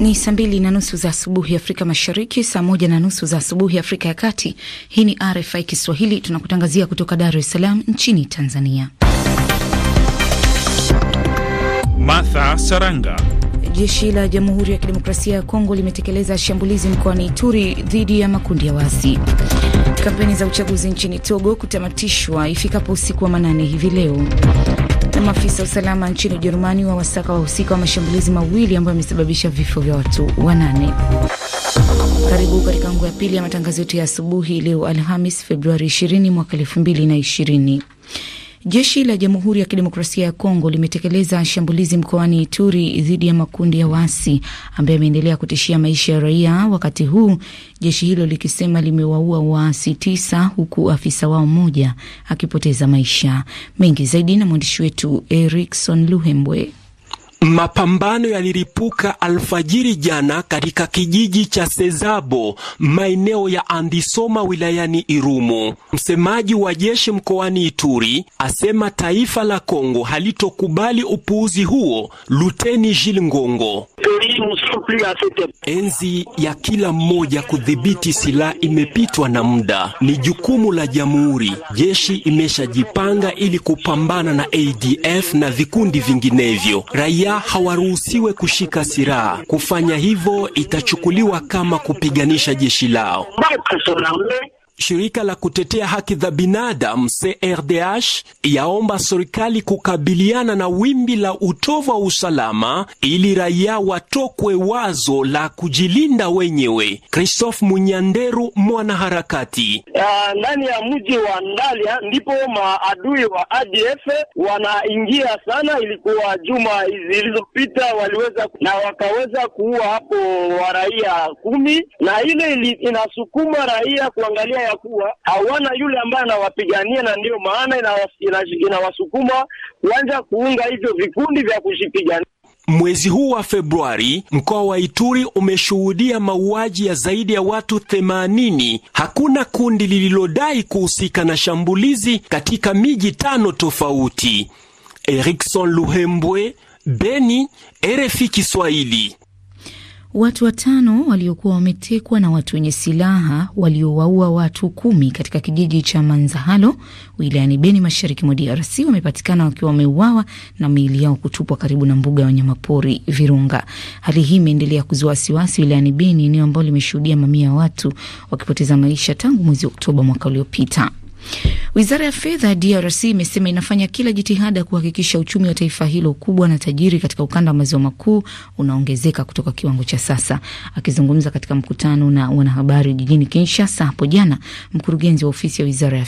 Ni saa mbili na nusu za asubuhi Afrika Mashariki, saa moja na nusu za asubuhi Afrika ya Kati. Hii ni RFI Kiswahili, tunakutangazia kutoka Dar es Salaam nchini Tanzania. Martha Saranga. Jeshi la Jamhuri ya Kidemokrasia ya Kongo limetekeleza shambulizi mkoani Ituri dhidi ya makundi ya waasi. Kampeni za uchaguzi nchini Togo kutamatishwa ifikapo usiku wa manane hivi leo. Na maafisa wa usalama nchini Ujerumani wa wasaka wahusika wa mashambulizi mawili ambayo yamesababisha vifo vya watu wanane. Karibu katika ngo ya pili ya matangazo yetu ya asubuhi leo Alhamis Februari 20 mwaka 2020. Jeshi la Jamhuri ya Kidemokrasia ya Kongo limetekeleza shambulizi mkoani Ituri dhidi ya makundi ya wasi ambayo yameendelea kutishia maisha ya raia, wakati huu jeshi hilo likisema limewaua waasi tisa huku afisa wao mmoja akipoteza maisha. Mengi zaidi na mwandishi wetu Erikson Luhembwe. Mapambano yaliripuka alfajiri jana katika kijiji cha Sezabo maeneo ya Andisoma wilayani Irumu. Msemaji wa jeshi mkoani Ituri asema taifa la Kongo halitokubali upuuzi huo. Luteni Jil Ngongo: enzi ya kila mmoja kudhibiti silaha imepitwa na muda, ni jukumu la jamhuri. Jeshi imeshajipanga ili kupambana na ADF na vikundi vinginevyo. Raia raia hawaruhusiwe kushika silaha. Kufanya hivyo itachukuliwa kama kupiganisha jeshi lao. Shirika la kutetea haki za binadamu CRDH yaomba serikali kukabiliana na wimbi la utovu wa usalama ili raia watokwe wazo la kujilinda wenyewe. Christophe Munyanderu, mwanaharakati: ndani ya mji wa Ndalia ndipo maadui wa ADF wanaingia sana. Ilikuwa juma zilizopita waliweza na wakaweza kuua hapo wa raia kumi, na ile inasukuma raia kuangalia ya kuwa hawana yule ambaye anawapigania, na ndiyo maana inawasukuma kuanza kuunga hivyo vikundi vya kujipigania. Mwezi huu wa Februari, mkoa wa Ituri umeshuhudia mauaji ya zaidi ya watu 80. Hakuna kundi lililodai kuhusika na shambulizi katika miji tano tofauti. Erikson Luhembwe, Beni, RFI Kiswahili. Watu watano waliokuwa wametekwa na watu wenye silaha waliowaua watu kumi katika kijiji cha Manzahalo wilayani Beni mashariki mwa DRC wamepatikana wakiwa wameuawa na miili yao kutupwa karibu na mbuga ya wanyamapori Virunga. Hali hii imeendelea kuzua wasiwasi wilayani Beni, eneo ambalo limeshuhudia mamia ya watu wakipoteza maisha tangu mwezi Oktoba mwaka uliopita. Wizara ya fedha ya DRC imesema inafanya kila jitihada kuhakikisha uchumi wa taifa hilo kubwa na tajiri katika ukanda wa maziwa makuu unaongezeka kutoka kiwango cha sasa. Akizungumza katika mkutano na wanahabari jijini Kinshasa hapo jana, mkurugenzi wa ofisi ya wizara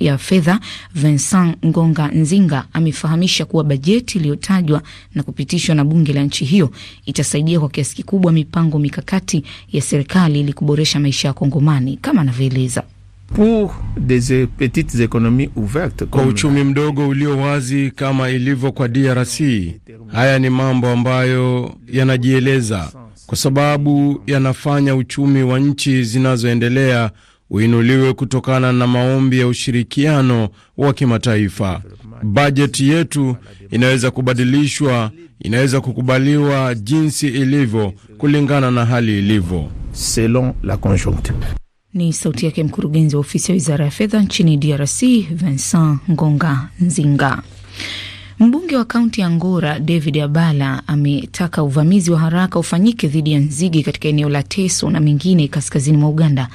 ya fedha Vincent Ngonga Nzinga amefahamisha kuwa bajeti iliyotajwa na kupitishwa na bunge la nchi hiyo itasaidia kwa kiasi kikubwa mipango mikakati ya serikali ili kuboresha maisha ya Kongomani kama anavyoeleza pour des euh, petites économies ouvertes kwa uchumi mdogo ulio wazi kama ilivyo kwa DRC. Haya ni mambo ambayo yanajieleza kwa sababu yanafanya uchumi wa nchi zinazoendelea uinuliwe kutokana na maombi ya ushirikiano wa kimataifa. Bajeti yetu inaweza kubadilishwa, inaweza kukubaliwa jinsi ilivyo kulingana na hali ilivyo selon la conjoncture. Ni sauti yake mkurugenzi wa ofisi ya wizara ya fedha nchini DRC, Vincent Ngonga Nzinga. Mbunge wa kaunti ya Ngora David Abala ametaka uvamizi wa haraka ufanyike dhidi ya nzige katika eneo la Teso na mingine kaskazini mwa Uganda.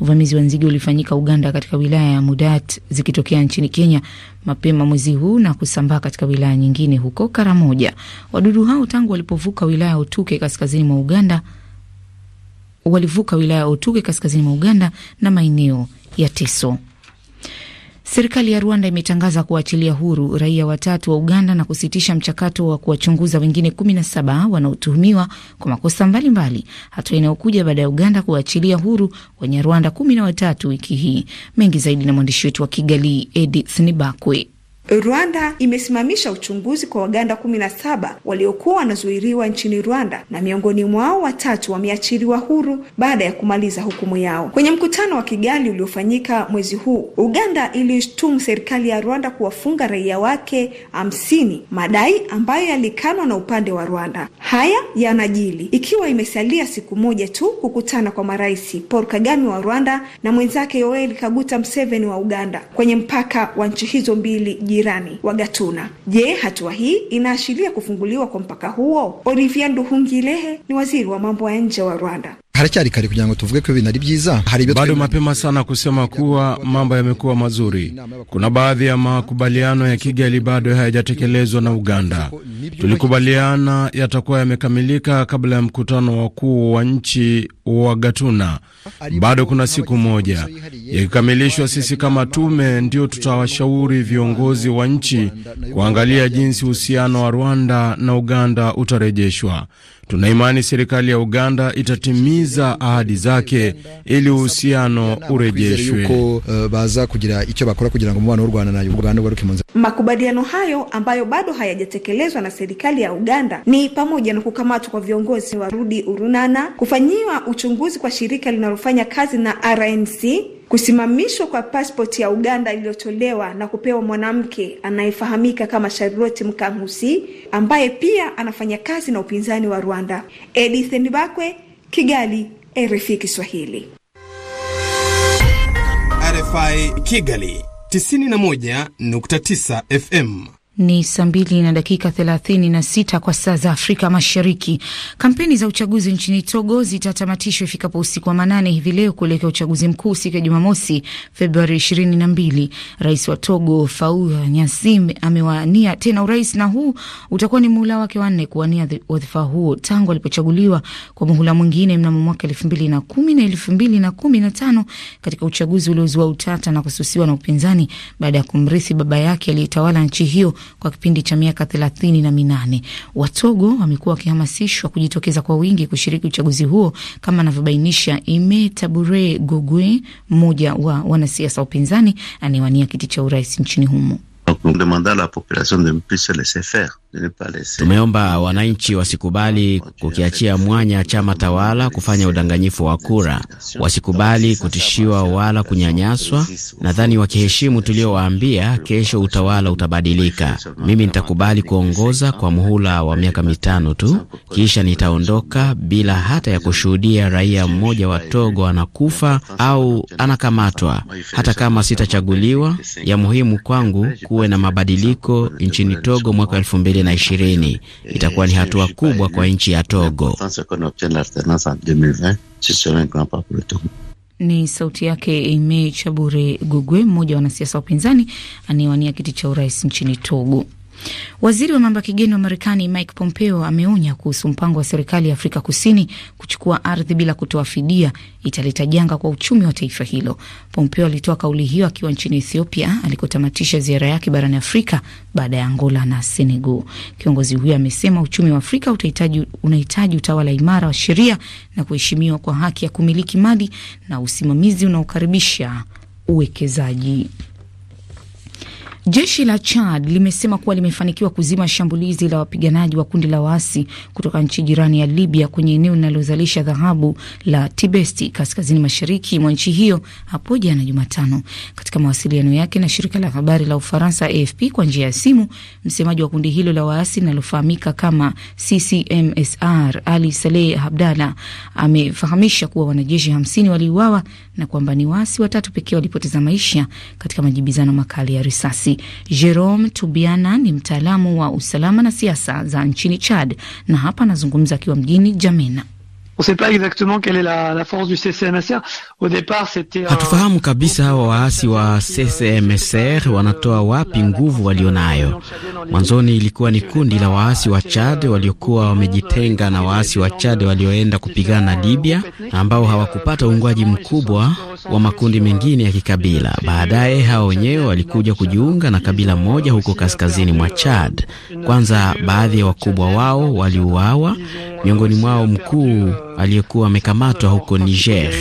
Uvamizi wa nzige ulifanyika Uganda katika wilaya ya Mudat zikitokea nchini Kenya mapema mwezi huu na kusambaa katika wilaya nyingine huko Karamoja. Wadudu hao tangu walipovuka wilaya ya Utuke kaskazini mwa Uganda walivuka wilaya ya Otuge kaskazini mwa Uganda na maeneo ya Teso. Serikali ya Rwanda imetangaza kuwaachilia huru raia watatu wa Uganda na kusitisha mchakato wa kuwachunguza wengine 17 wanaotuhumiwa kwa makosa mbalimbali, hatua inayokuja baada ya Uganda kuwaachilia huru wenye Rwanda kumi na watatu wiki hii. Mengi zaidi na mwandishi wetu wa Kigali, Edith Nibakwe. Rwanda imesimamisha uchunguzi kwa Waganda kumi na saba waliokuwa wanazuiriwa nchini Rwanda na miongoni mwao watatu wameachiliwa huru baada ya kumaliza hukumu yao. Kwenye mkutano wa Kigali uliofanyika mwezi huu, Uganda ilishtumu serikali ya Rwanda kuwafunga raia wake hamsini, madai ambayo yalikanwa na upande wa Rwanda. Haya yanajili ikiwa imesalia siku moja tu kukutana kwa marais Paul Kagame wa Rwanda na mwenzake Yoweri Kaguta Museveni wa Uganda kwenye mpaka wa nchi hizo mbili jirani wa Gatuna. Je, hatua hii inaashiria kufunguliwa kwa mpaka huo? Olivier Nduhungirehe ni waziri wa mambo ya nje wa Rwanda haracyari kare kugira ngo tuvuge ko ibintu ari byiza. Bado mapema sana kusema kuwa mambo yamekuwa mazuri. Kuna baadhi ya makubaliano ya Kigali bado hayajatekelezwa na Uganda. Tulikubaliana yatakuwa yamekamilika kabla ya mkutano wakuu wa nchi wa Gatuna. Bado kuna siku moja, yakikamilishwa, sisi kama tume ndio tutawashauri viongozi wa nchi kuangalia jinsi uhusiano wa Rwanda na Uganda utarejeshwa. Tunaimani serikali ya Uganda itatimiza ahadi zake ili uhusiano urejeshwe. Eh, Makubaliano hayo ambayo bado hayajatekelezwa na serikali ya Uganda ni pamoja na kukamatwa kwa viongozi wa Rudi Urunana, kufanyiwa uchunguzi kwa shirika linalofanya kazi na RNC Kusimamishwa kwa pasipoti ya Uganda iliyotolewa na kupewa mwanamke anayefahamika kama Charlotte Mkangusi ambaye pia anafanya kazi na upinzani wa Rwanda. Edith Nibakwe, Kigali, RFI Kiswahili. RFI Kigali 91.9 FM. Ni saa mbili na dakika thelathini na sita kwa saa za Afrika Mashariki. Kampeni za uchaguzi nchini Togo zitatamatishwa ifikapo usiku wa manane hivi leo kuelekea uchaguzi mkuu siku ya Jumamosi, Februari ishirini na mbili. Rais wa Togo Faure Gnassingbe amewania tena urais na huu utakuwa ni muhula wake wanne kuwania wadhifa huo tangu alipochaguliwa kwa muhula mwingine mnamo mwaka elfu mbili na kumi na elfu mbili na kumi na tano katika uchaguzi uliozua utata na kususiwa na upinzani baada ya kumrithi baba yake aliyetawala nchi hiyo kwa kipindi cha miaka thelathini na minane. Watogo wamekuwa wakihamasishwa kujitokeza kwa wingi kushiriki uchaguzi huo kama anavyobainisha Ime Tabure Gogwe, mmoja wa wanasiasa wa upinzani anayewania kiti cha urais nchini humo nous à la population de ne plus se laisser faire. Tumeomba wananchi wasikubali kukiachia mwanya chama tawala kufanya udanganyifu wa kura, wasikubali kutishiwa wala kunyanyaswa. Nadhani wakiheshimu tuliowaambia, kesho utawala utabadilika. Mimi nitakubali kuongoza kwa muhula wa miaka mitano tu, kisha nitaondoka bila hata ya kushuhudia raia mmoja wa Togo anakufa au anakamatwa, hata kama sitachaguliwa. Ya muhimu kwangu kuwe na mabadiliko nchini Togo mwaka elfu mbili na ishirini. Itakuwa ni hatua kubwa kwa nchi ya Togo. Ni sauti yake Aime Chabure Gugwe, mmoja wa wanasiasa wa upinzani anayewania kiti cha urais nchini Togo. Waziri wa mambo ya kigeni wa Marekani Mike Pompeo ameonya kuhusu mpango wa serikali ya Afrika Kusini kuchukua ardhi bila kutoa fidia italeta janga kwa uchumi wa taifa hilo. Pompeo alitoa kauli hiyo akiwa nchini Ethiopia alikotamatisha ziara yake barani Afrika baada ya Angola na Senegal. Kiongozi huyo amesema uchumi wa Afrika unahitaji utawala imara wa sheria na kuheshimiwa kwa haki ya kumiliki mali na usimamizi unaokaribisha uwekezaji. Jeshi la Chad limesema kuwa limefanikiwa kuzima shambulizi la wapiganaji wa kundi la waasi kutoka nchi jirani ya Libya kwenye eneo linalozalisha dhahabu la Tibesti kaskazini mashariki mwa nchi hiyo hapo jana Jumatano. Katika mawasiliano yake na shirika la habari la Ufaransa AFP kwa njia ya simu, msemaji wa kundi hilo la waasi linalofahamika kama CCMSR Ali Saleh Abdalla amefahamisha kuwa wanajeshi hamsini waliuawa na kwamba ni waasi watatu pekee walipoteza maisha katika majibizano makali ya risasi. Urusi. Jerome Tubiana ni mtaalamu wa usalama na siasa za nchini Chad, na hapa anazungumza akiwa mjini Jamena. Hatufahamu kabisa hawa waasi wa CCMSR wanatoa wapi nguvu walionayo. Mwanzoni ilikuwa ni kundi la waasi wa Chad waliokuwa wamejitenga na waasi wa Chad walioenda kupigana na Libya, ambao hawakupata uungwaji mkubwa wa makundi mengine ya kikabila. Baadaye hao wenyewe walikuja kujiunga na kabila moja huko kaskazini mwa Chad. Kwanza baadhi ya wakubwa wao waliuawa, miongoni mwao mkuu aliyekuwa amekamatwa huko Niger.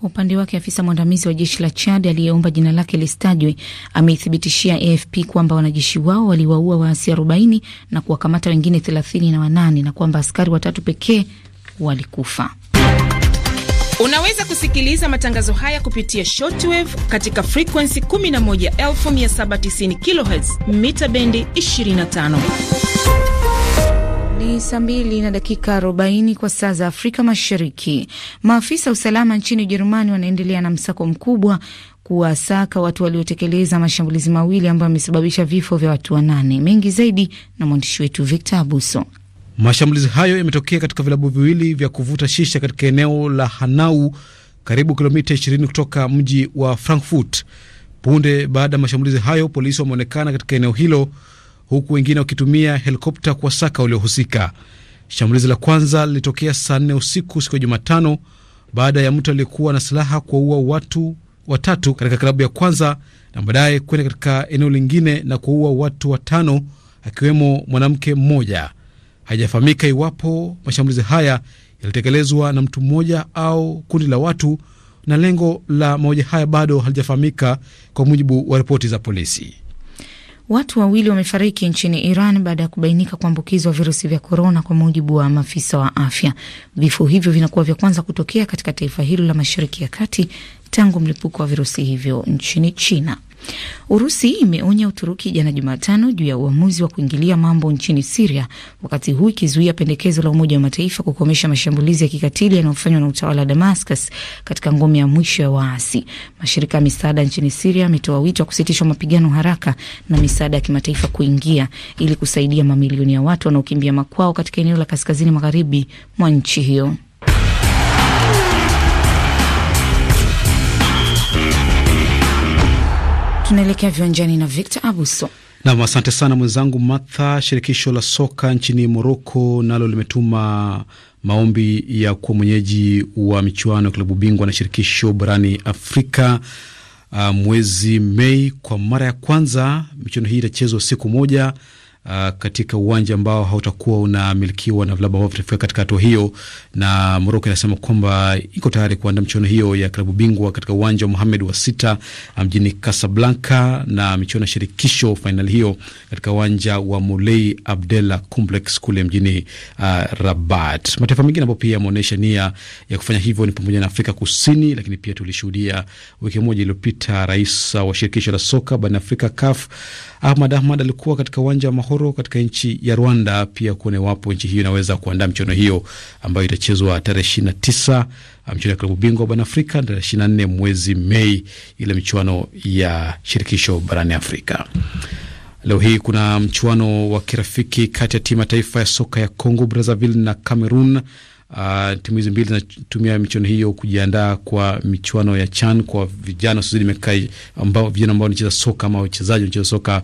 Kwa upande wake afisa mwandamizi wa jeshi la Chad aliyeomba jina lake listajwe ameithibitishia AFP kwamba wanajeshi wao waliwaua waasi 40 na kuwakamata wengine 38 na, na kwamba askari watatu pekee walikufa. Unaweza kusikiliza matangazo haya kupitia shortwave katika frekuensi 11790 kHz mita bendi 25. Ni saa mbili na dakika arobaini kwa saa za Afrika Mashariki. Maafisa wa usalama nchini Ujerumani wanaendelea na msako mkubwa kuwasaka watu waliotekeleza mashambulizi mawili ambayo yamesababisha vifo vya watu wanane. Mengi zaidi na mwandishi wetu Victor Abuso. Mashambulizi hayo yametokea katika vilabu viwili vya kuvuta shisha katika eneo la Hanau, karibu kilomita 20 kutoka mji wa Frankfurt. Punde baada ya mashambulizi hayo, polisi wameonekana katika eneo hilo huku wengine wakitumia helikopta kuwasaka waliohusika. Shambulizi la kwanza lilitokea saa nne usiku siku ya Jumatano baada ya mtu aliyekuwa na silaha kuwaua watu watatu katika klabu ya kwanza na baadaye kwenda katika eneo lingine na kuwaua watu watano akiwemo mwanamke mmoja. Haijafahamika iwapo mashambulizi haya yalitekelezwa na mtu mmoja au kundi la watu, na lengo la mauaji haya bado halijafahamika, kwa mujibu wa ripoti za polisi. Watu wawili wamefariki nchini Iran baada ya kubainika kuambukizwa virusi vya korona, kwa mujibu wa maafisa wa afya. Vifo hivyo vinakuwa vya kwanza kutokea katika taifa hilo la Mashariki ya Kati tangu mlipuko wa virusi hivyo nchini China. Urusi imeonya Uturuki jana Jumatano juu ya uamuzi wa kuingilia mambo nchini Siria, wakati huu ikizuia pendekezo la Umoja wa Mataifa kukomesha mashambulizi ya kikatili yanayofanywa na utawala wa Damascus katika ngome ya mwisho ya waasi. Mashirika ya misaada nchini Siria ametoa wito wa kusitishwa mapigano haraka na misaada ya kimataifa kuingia ili kusaidia mamilioni ya watu wanaokimbia makwao katika eneo la kaskazini magharibi mwa nchi hiyo. Tunaelekea viwanjani na Victor Abuso. Nam, asante sana mwenzangu Martha. Shirikisho la soka nchini Moroko nalo limetuma maombi ya kuwa mwenyeji wa michuano ya klabu bingwa na shirikisho barani Afrika uh, mwezi Mei kwa mara ya kwanza. Michuano hii itachezwa siku moja uh, katika uwanja ambao hautakuwa unamilikiwa na vilabu ambao vitafika katika hatua hiyo, na Moroko inasema kwamba iko tayari kuandaa michuano hiyo ya klabu bingwa katika uwanja wa Mohamed wa sita uh, mjini Casablanca, na michuano ya shirikisho fainali hiyo katika uwanja wa Moulay Abdella Complex kule mjini uh, Rabat. Mataifa mengine ambayo pia yameonyesha nia ya kufanya hivyo ni pamoja na Afrika Kusini, lakini pia tulishuhudia wiki moja iliyopita rais wa shirikisho la soka barani Afrika CAF Ahmad Ahmad alikuwa katika uwanja wa Mahoro katika nchi ya Rwanda pia kuona iwapo nchi hiyo inaweza kuandaa michuano hiyo ambayo itachezwa tarehe ishirini na tisa uh, mchuano ya klabu bingwa barani Afrika tarehe ishirini na nne mwezi Mei, ile michuano ya shirikisho barani Afrika. Leo hii kuna mchuano wa kirafiki kati ya timu ya taifa ya soka ya Congo Brazzaville na Cameroon Uh, timu hizi mbili zinatumia michuano hiyo kujiandaa kwa michuano ya CHAN kwa vijana wasiozidi miaka ambao vijana ambao wanacheza soka ama wachezaji wanacheza soka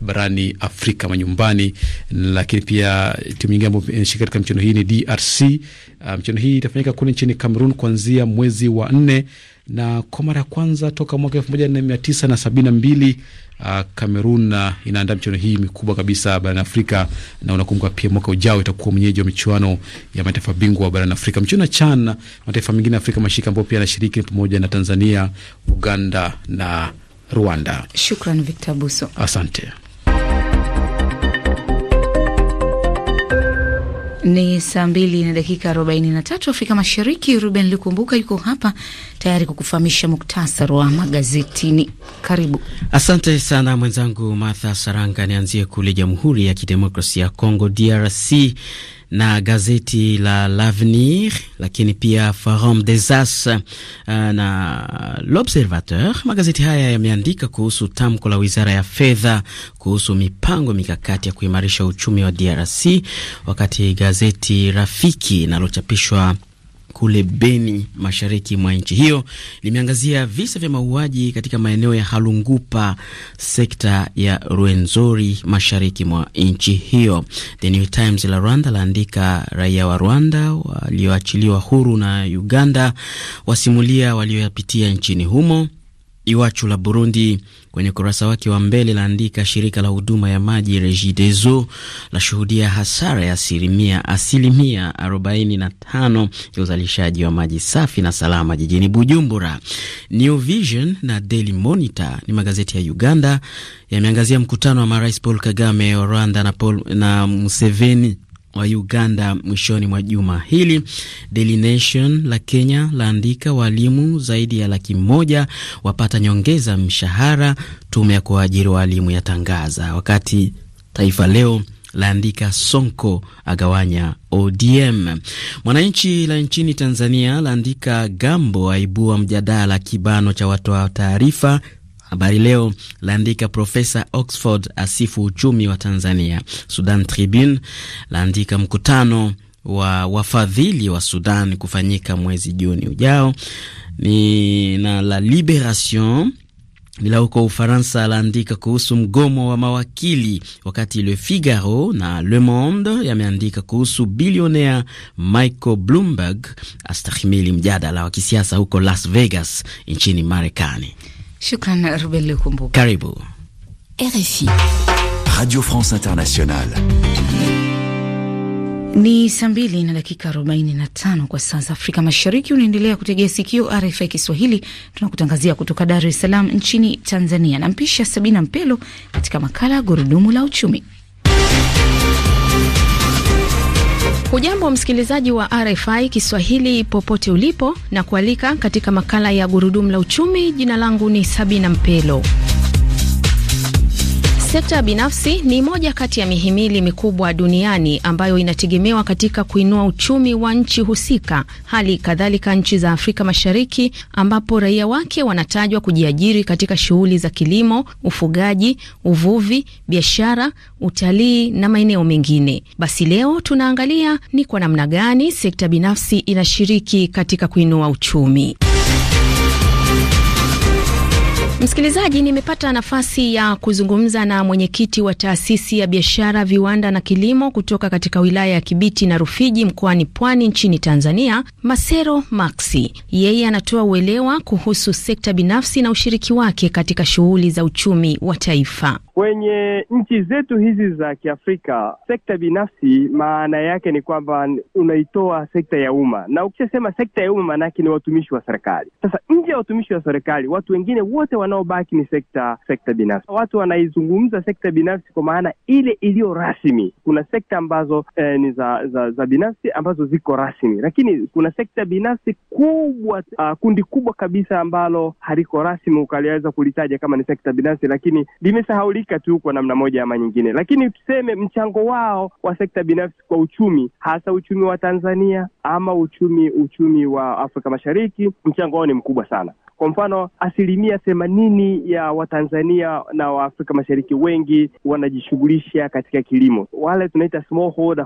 barani Afrika manyumbani. Lakini pia timu nyingine ambayo inashika katika michuano hii ni DRC. Uh, ah, michuano hii itafanyika kule nchini Cameroon kuanzia mwezi wa nne na kwa mara ya kwanza toka mwaka elfu moja mia tisa na sabini na mbili Kamerun uh, uh, inaandaa michuano hii mikubwa kabisa barani Afrika, na unakumbuka pia mwaka ujao itakuwa mwenyeji wa michuano ya mataifa bingwa barani Afrika. Mchuano wa CHAN, mataifa mengine ya Afrika Mashariki ambayo pia yanashiriki pamoja na Tanzania, Uganda na Rwanda. Shukran Victor Buso, asante. Ni saa mbili na dakika arobaini na tatu Afrika Mashariki. Ruben lukumbuka yuko hapa tayari kukufahamisha muktasar wa magazetini. Karibu. Asante sana mwenzangu Martha Saranga. Nianzie kule Jamhuri ya Kidemokrasia ya Kongo, DRC na gazeti la L'Avenir, lakini pia Forum des As uh, na L'Observateur. Magazeti haya yameandika kuhusu tamko la wizara ya fedha kuhusu mipango mikakati ya kuimarisha uchumi wa DRC, wakati gazeti Rafiki linalochapishwa kule Beni, mashariki mwa nchi hiyo, limeangazia visa vya mauaji katika maeneo ya Halungupa, sekta ya ruenzori mashariki mwa nchi hiyo. The New Times la Rwanda laandika raia wa Rwanda walioachiliwa huru na Uganda wasimulia walioyapitia nchini humo. Iwachu la Burundi kwenye ukurasa wake wa mbele laandika shirika la huduma ya maji Regideso shuhudia hasara ya asilimia asilimia 45 ya uzalishaji wa maji safi na salama jijini Bujumbura. New Vision na Daily Monitor ni magazeti ya Uganda yameangazia mkutano wa marais Paul Kagame wa Rwanda na, Paul, na Museveni wa Uganda mwishoni mwa juma hili. Daily Nation la Kenya laandika waalimu zaidi ya laki moja wapata nyongeza mshahara, tume ya kuajiri waalimu yatangaza, wakati Taifa Leo laandika Sonko agawanya ODM. Mwananchi la nchini Tanzania laandika Gambo aibua mjadala kibano cha watoa taarifa Habari Leo laandika Profesa Oxford asifu uchumi wa Tanzania. Sudan Tribune laandika mkutano wa wafadhili wa Sudan kufanyika mwezi Juni ujao. Ni na la Liberation bila huko Ufaransa alaandika kuhusu mgomo wa mawakili, wakati Le Figaro na Le Monde yameandika kuhusu bilionea Michael Bloomberg astahimili mjadala wa kisiasa huko Las Vegas nchini Marekani shukran Ruben Lukumbuka. Karibu RFI, Radio France Internationale. Ni saa mbili na dakika 45 kwa saa za Afrika Mashariki. Unaendelea kutegea sikio RFI Kiswahili, tunakutangazia kutoka Dar es Salaam nchini Tanzania. Nampisha Sabina Mpelo katika makala Gurudumu la Uchumi. Hujambo msikilizaji wa RFI Kiswahili popote ulipo, na kualika katika makala ya gurudumu la uchumi. Jina langu ni Sabina Mpelo. Sekta binafsi ni moja kati ya mihimili mikubwa duniani ambayo inategemewa katika kuinua uchumi wa nchi husika, hali kadhalika nchi za Afrika Mashariki ambapo raia wake wanatajwa kujiajiri katika shughuli za kilimo, ufugaji, uvuvi, biashara, utalii na maeneo mengine. Basi leo tunaangalia ni kwa namna gani sekta binafsi inashiriki katika kuinua uchumi. Msikilizaji, nimepata nafasi ya kuzungumza na mwenyekiti wa taasisi ya biashara, viwanda na kilimo kutoka katika wilaya ya Kibiti na Rufiji mkoani Pwani nchini Tanzania, Masero Maxi. Yeye anatoa uelewa kuhusu sekta binafsi na ushiriki wake katika shughuli za uchumi wa taifa. Kwenye nchi zetu hizi za Kiafrika, sekta binafsi maana yake ni kwamba unaitoa sekta ya umma, na ukishasema sekta ya umma maana yake ni watumishi wa serikali. Sasa nje ya watumishi wa serikali, watu wengine wote wa wanaobaki ni sekta sekta binafsi. Watu wanaizungumza sekta binafsi kwa maana ile iliyo rasmi. Kuna sekta ambazo eh, ni za, za za binafsi ambazo ziko rasmi, lakini kuna sekta binafsi kubwa, uh, kundi kubwa kabisa ambalo haliko rasmi, ukaliweza kulitaja kama ni sekta binafsi, lakini limesahaulika tu kwa namna moja ama nyingine. Lakini tuseme mchango wao wa sekta binafsi kwa uchumi, hasa uchumi wa Tanzania ama uchumi uchumi wa Afrika Mashariki, mchango wao ni mkubwa sana. Kwa mfano, asilimia themanini ya Watanzania na Waafrika Mashariki wengi wanajishughulisha katika kilimo. Wale tunaita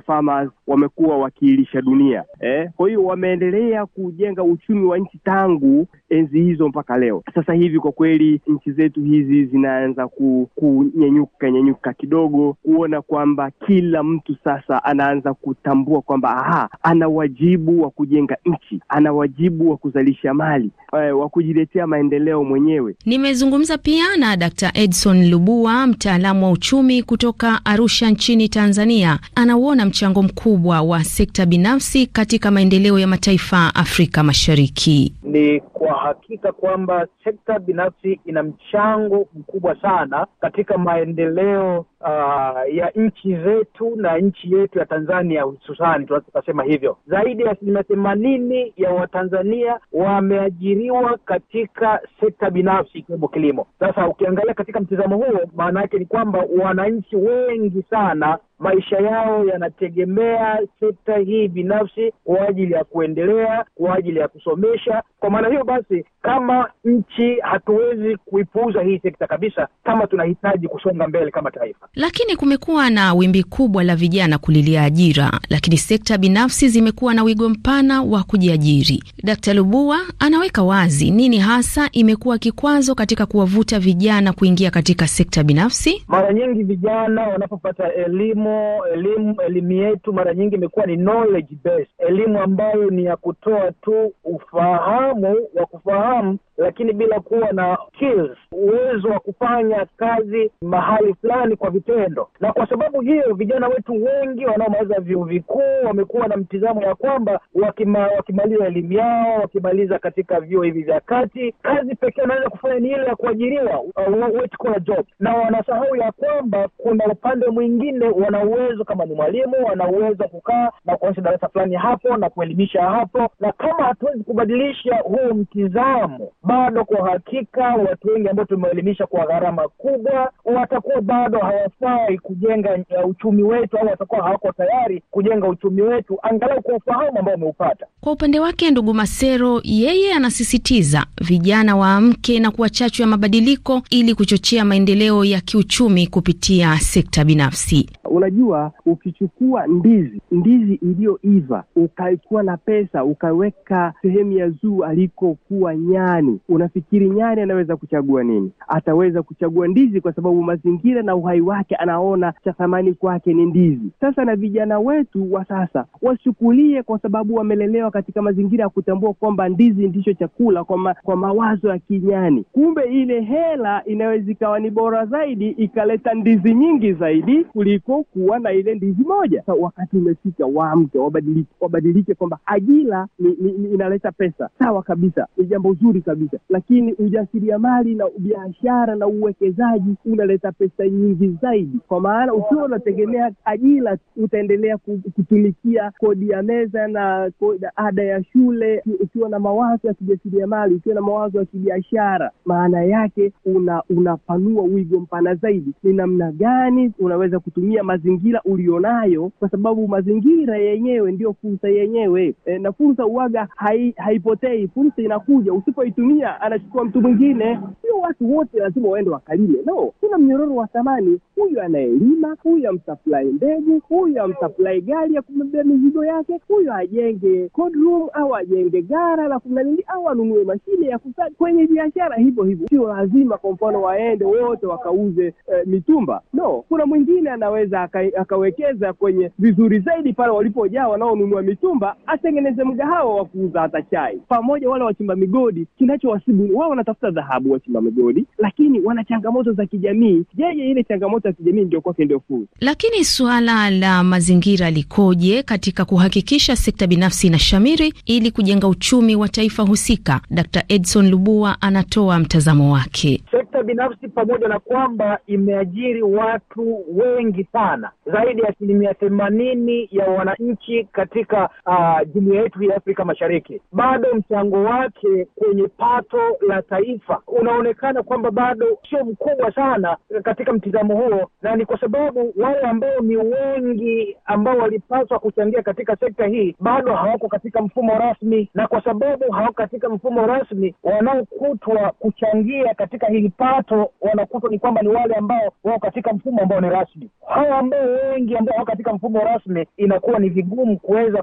farmers wamekuwa wakiilisha dunia eh. Kwa hiyo wameendelea kujenga uchumi wa nchi tangu enzi hizo mpaka leo. Sasa hivi kwa kweli nchi zetu hizi zinaanza ku, kunyenyuka kidogo, kuona kwamba kila mtu sasa anaanza kutambua kwamba ana wajibu wa kujenga nchi, ana wajibu wa kuzalisha mali eh, wa kujiletea maendeleo mwenyewe. Nimezungumza pia na Dr. Edson Lubua, mtaalamu wa uchumi kutoka Arusha nchini Tanzania. Anauona mchango mkubwa wa sekta binafsi katika maendeleo ya mataifa Afrika Mashariki. Ni kwa hakika kwamba sekta binafsi ina mchango mkubwa sana katika maendeleo Uh, ya nchi zetu na nchi yetu ya Tanzania hususani, tunaweza tukasema hivyo. Zaidi ya asilimia themanini ya Watanzania wameajiriwa kat, katika sekta binafsi ikiwemo kilimo. Sasa ukiangalia katika mtizamo huo, maana yake ni kwamba wananchi wengi sana maisha yao yanategemea sekta hii binafsi kwa ajili ya kuendelea, kwa ajili ya kusomesha. Kwa maana hiyo basi, kama nchi hatuwezi kuipuuza hii sekta kabisa, kama tunahitaji kusonga mbele kama taifa. Lakini kumekuwa na wimbi kubwa la vijana kulilia ajira, lakini sekta binafsi zimekuwa na wigo mpana wa kujiajiri. Dkt. Lubua anaweka wazi nini hasa imekuwa kikwazo katika kuwavuta vijana kuingia katika sekta binafsi. Mara nyingi vijana wanapopata elimu masomo, elimu elimu yetu mara nyingi imekuwa ni knowledge based, elimu ambayo ni ya kutoa tu ufahamu wa kufahamu, lakini bila kuwa na skills, uwezo wa kufanya kazi mahali fulani kwa vitendo. Na kwa sababu hiyo, vijana wetu wengi wanaomaliza vyuo vikuu wamekuwa na mtizamo ya kwamba wakima, wakimaliza elimu yao, wakimaliza katika vyuo hivi vya kati, kazi pekee wanaweza kufanya ni ile ya kuajiriwa, uh, job, na wanasahau ya kwamba kuna upande mwingine wana ana uwezo kama ni mwalimu, ana uwezo wa kukaa na kuonyesha darasa fulani hapo na kuelimisha hapo, na kama hatuwezi kubadilisha huu mtizamo, bado kwa hakika watu wengi ambao tumewaelimisha kwa gharama kubwa watakuwa bado hawafai kujenga eh, uchumi wetu, au watakuwa hawako tayari kujenga uchumi wetu angalau kwa ufahamu ambao umeupata. Kwa upande wake, ndugu Masero yeye anasisitiza vijana waamke na kuwa chachu ya mabadiliko ili kuchochea maendeleo ya kiuchumi kupitia sekta binafsi unajua ukichukua ndizi ndizi iliyoiva ukaikuwa na pesa ukaweka sehemu ya zuu alikokuwa nyani, unafikiri nyani anaweza kuchagua nini? Ataweza kuchagua ndizi, kwa sababu mazingira na uhai wake anaona cha thamani kwake ni ndizi. Sasa na vijana wetu wa sasa wachukulie, kwa sababu wamelelewa katika mazingira ya kutambua kwamba ndizi ndicho chakula kwa, ma, kwa mawazo ya kinyani, kumbe ile hela inaweza ikawa ni bora zaidi ikaleta ndizi nyingi zaidi kuliko ku kuwa na ile ndizi moja. Sa wakati umefika, waamke, wabadilike, wabadilike kwamba ajira ni, ni, ni inaleta pesa. Sawa kabisa, ni jambo zuri kabisa, lakini ujasiriamali na biashara na uwekezaji unaleta pesa nyingi zaidi, kwa maana ukiwa unategemea ajira utaendelea kutumikia kodi ya meza na ada ya shule. Ukiwa na mawazo ya kijasiriamali, ukiwa na mawazo ya kibiashara, maana yake una unapanua wigo mpana zaidi, ni namna gani unaweza kutumia mazi mazingira ulionayo, kwa sababu mazingira yenyewe ndiyo fursa yenyewe e, na fursa uwaga hai, haipotei. Fursa inakuja, usipoitumia anachukua mtu mwingine. Sio watu wote lazima waende wakalime, no. Kuna mnyororo wa thamani, huyu anayelima, huyu amsaplai mbegu, huyu amsaplai gari ya kubebea mizigo yake, huyu ajenge cold room au ajenge gara la kunanili au anunue mashine ya kusaga. Kwenye biashara hivyo hivyo, sio lazima kwa mfano waende wote wakauze e, mitumba, no. Kuna mwingine anaweza akawekeza aka kwenye vizuri zaidi pale walipojaa wanaonunua mitumba, atengeneze mgahawa wa kuuza hata chai pamoja. Wale wachimba migodi, kinachowasibu wao, wanatafuta dhahabu wachimba migodi, lakini wana changamoto za kijamii. Yeye ile changamoto ya kijamii ndio kwake ndio fursa. Lakini suala la mazingira likoje katika kuhakikisha sekta binafsi shamiri ili kujenga uchumi wa taifa husika? Dr. Edson Lubua anatoa mtazamo wake. Sekta binafsi pamoja na kwamba imeajiri watu wengi sana sana. Zaidi ya asilimia themanini ya wananchi katika uh, jumuiya yetu ya Afrika Mashariki, bado mchango wake kwenye pato la taifa unaonekana kwamba bado sio mkubwa sana katika mtizamo huo, na ni kwa sababu wale ambao ni wengi ambao walipaswa kuchangia katika sekta hii bado hawako katika mfumo rasmi, na kwa sababu hawako katika mfumo rasmi, wanaokutwa kuchangia katika hili pato wanakutwa ni kwamba ni wale ambao wako katika mfumo ambao ni rasmi. Hawa ambao wengi ambao katika mfumo rasmi inakuwa ni vigumu kuweza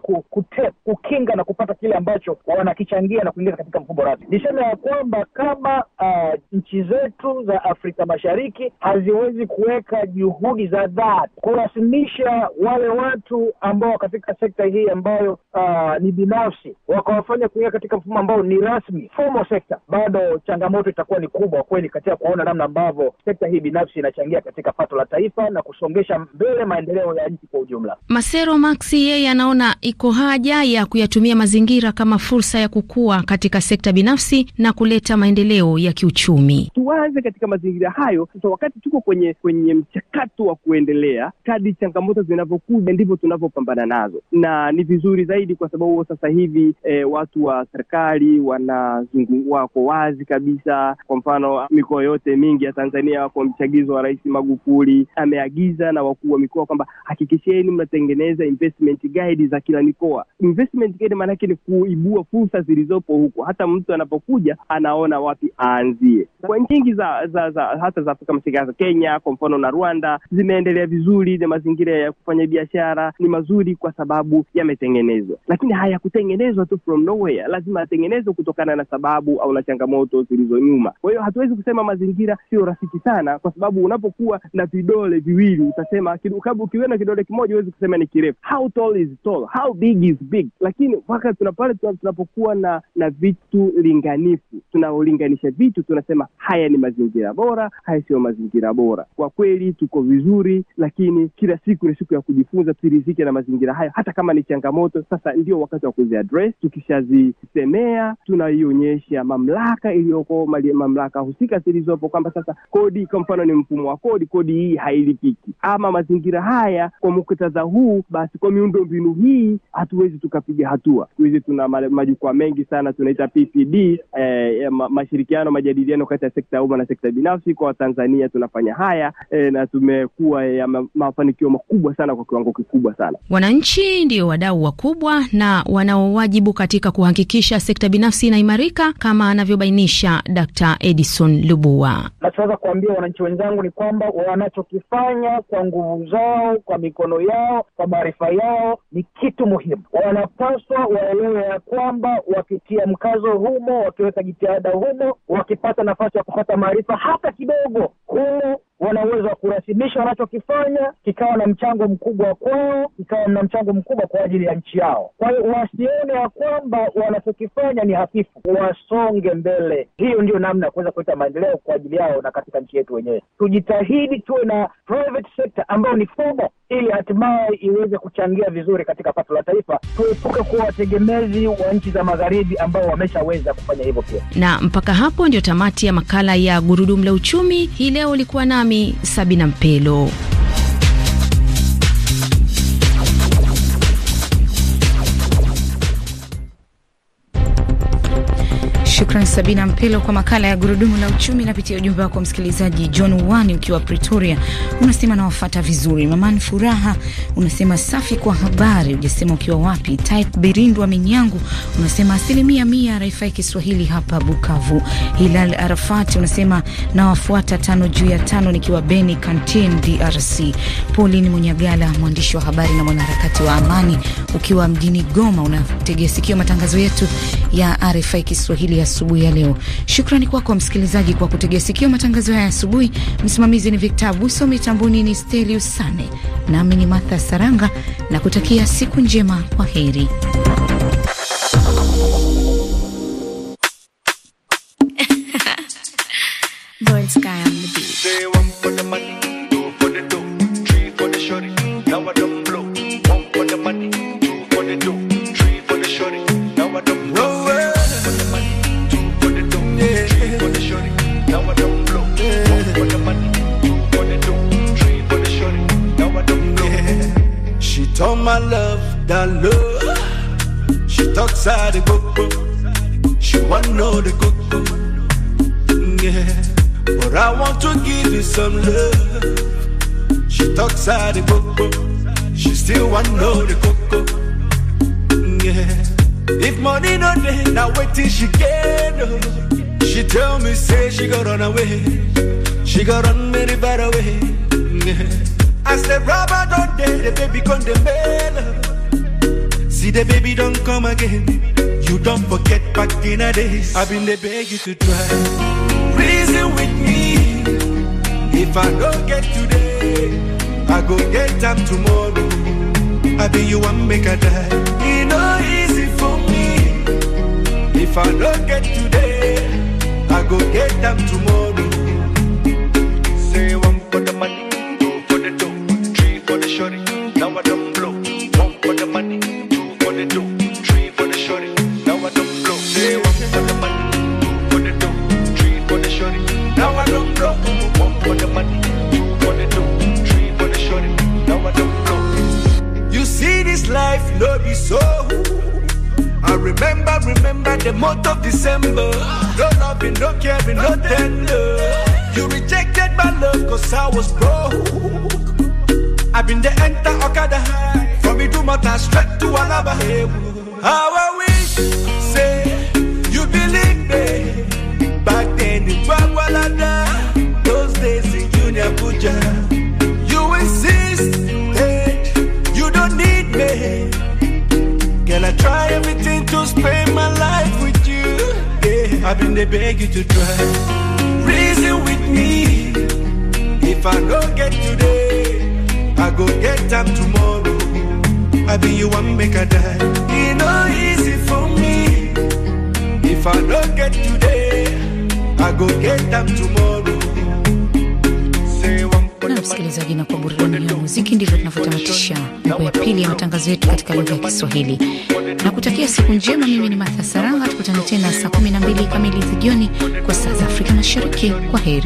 kukinga na kupata kile ambacho wanakichangia na kuingiza katika mfumo rasmi. Niseme ya kwamba kama uh, nchi zetu za Afrika Mashariki haziwezi kuweka juhudi za dhati kurasimisha wale watu ambao katika sekta hii ambayo uh, ni binafsi wakawafanya kuingia katika mfumo ambao ni rasmi formal sector, bado changamoto itakuwa ni kubwa kweli katika kuona namna ambavyo sekta hii binafsi inachangia katika pato la taifa na kusongesha mbele maendeleo ya nchi kwa ujumla. Masero Maxi yeye anaona iko haja ya kuyatumia mazingira kama fursa ya kukua katika sekta binafsi na kuleta maendeleo ya kiuchumi. tuanze katika mazingira hayo sasa, wakati tuko kwenye kwenye mchakato wa kuendelea, kadi changamoto zinavyokuja ndivyo tunavyopambana nazo, na ni vizuri zaidi kwa sababu sasa hivi e, watu wa serikali wanazungumza, wazi kabisa. Kwa mfano mikoa yote mingi ya Tanzania kwa mchagizo wa Rais Magufuli ameagiza na waku wakuu wa mikoa kwamba hakikisheni mnatengeneza investment guide za kila mikoa. Investment guide maanake ni kuibua fursa zilizopo huko, hata mtu anapokuja anaona wapi aanzie. Kwa nchi nyingi za, za, za hata za Afrika Mashariki, za Kenya kwa mfano na Rwanda zimeendelea vizuri, na mazingira ya kufanya biashara ni mazuri kwa sababu yametengenezwa, lakini hayakutengenezwa tu from nowhere, lazima yatengenezwe kutokana na sababu au na changamoto zilizo nyuma. Kwa hiyo hatuwezi kusema mazingira sio rafiki sana, kwa sababu unapokuwa na vidole viwili utasema kwamba ukiwena kidole kimoja huwezi kusema ni kirefu, how tall is tall, how big is big. Lakini wakati tunapale tunapokuwa na na vitu linganifu, tunaolinganisha vitu tunasema haya ni mazingira bora, haya siyo mazingira bora. Kwa kweli tuko vizuri, lakini kila siku ni siku ya kujifunza, tuirizike na mazingira hayo, hata kama ni changamoto. Sasa ndio wakati wa address Tukishazisemea tunaionyesha mamlaka iliyoko, mamlaka husika zilizopo, kwamba sasa kodi, kwa mfano ni mfumo wa kodi, kodi hii hailipiki ama mazingira haya, kwa muktadha huu, basi kwa miundo mbinu hii hatuwezi tukapiga hatua. Siku hizi tuna majukwaa mengi sana tunaita PPD, eh, ma mashirikiano, majadiliano kati ya sekta ya umma na sekta binafsi. Kwa Watanzania tunafanya haya eh, na tumekuwa ya ma mafanikio makubwa sana kwa kiwango kikubwa sana. Wananchi ndio wadau wakubwa na wanaowajibu katika kuhakikisha sekta binafsi inaimarika kama anavyobainisha Dr. Edison Lubua. Nachoweza kuambia wananchi wenzangu ni kwamba wanachokifanya kwa nguvu nyayo zao, kwa mikono yao, kwa maarifa yao ni kitu muhimu. Wanapaswa waelewe ya kwamba wakitia mkazo humo, wakiweka jitihada humo, wakipata nafasi ya kupata maarifa hata kidogo humo wana uwezo wa kurasimisha wanachokifanya kikawa na mchango mkubwa kwao, kikawa na mchango mkubwa kwa ajili ya nchi yao. Kwa hiyo wasione ya kwamba wanachokifanya ni hafifu, wasonge mbele. Hiyo ndiyo namna ya kuweza kuleta maendeleo kwa ajili yao na katika nchi yetu wenyewe. Tujitahidi tuwe na private sector ambayo ni kubwa ili hatimaye iweze kuchangia vizuri katika pato la taifa. Tuepuke kuwa wategemezi wa nchi za magharibi ambao wameshaweza kufanya hivyo pia. Na mpaka hapo ndio tamati ya makala ya gurudumu la uchumi hii leo. Ulikuwa na nami Sabina Mpelo. Shukran Sabina Mpelo kwa makala ya gurudumu la uchumi. Napitia ujumbe wako msikilizaji John Wani ukiwa Pretoria, unasema nawafata vizuri. Maman Furaha unasema safi kwa habari, ujasema ukiwa wapi. Tit Birindwa Minyangu unasema asilimia mia RFI Kiswahili hapa Bukavu. Hilal Arafati unasema nawafuata tano juu ya tano nikiwa Beni Kantin, DRC. Paulin Munyagala mwandishi wa habari na mwanaharakati wa amani ukiwa mjini Goma, unategea sikio matangazo yetu ya RFI Kiswahili ya asubuhi ya leo. Shukrani kwako kwa msikilizaji kwa kutegea sikio matangazo haya asubuhi. Msimamizi ni Victor Abuso, mitambuni ni Stelius Sane, nami ni Martha Saranga na kutakia siku njema. Kwa heri. side the go. She wanna know the go. Yeah, but I want to give you some love. She talks side the go. She still wanna know the go. Yeah, if money no day, now wait till she get. Oh. She tell me say she got run away. She got run many better away. Yeah. I said, Robert, don't the baby condemn. See the baby don't come again. You don't forget back in the days. I've been the beg you to try. Reason with me. If I don't get today, I go get them tomorrow. I be you one make a die. It no easy for me. If I don't get today, I go get them tomorrow. December. No loving, no caring, no tender. You rejected my love cause I was broke. I've been the enter Okada high. From Idumata straight to Alaba. How I wish, say, you believe me. Back then in Wagwalada, those days in Union Abuja. been they beg you to try. Reason with me. If I go get today, I go get time tomorrow. I be you one make a die. It no easy for me. If I don't get today, I go get time tomorrow. Na msikilizaji, na kwa burudani ya muziki ndivyo tunavyotamatisha nguo ya pili ya matangazo yetu katika lugha ya Kiswahili na kutakia siku njema. Mimi ni Martha Saranga, tukutane tena saa 12 kamili za jioni kwa saa za Afrika Mashariki. Kwa heri.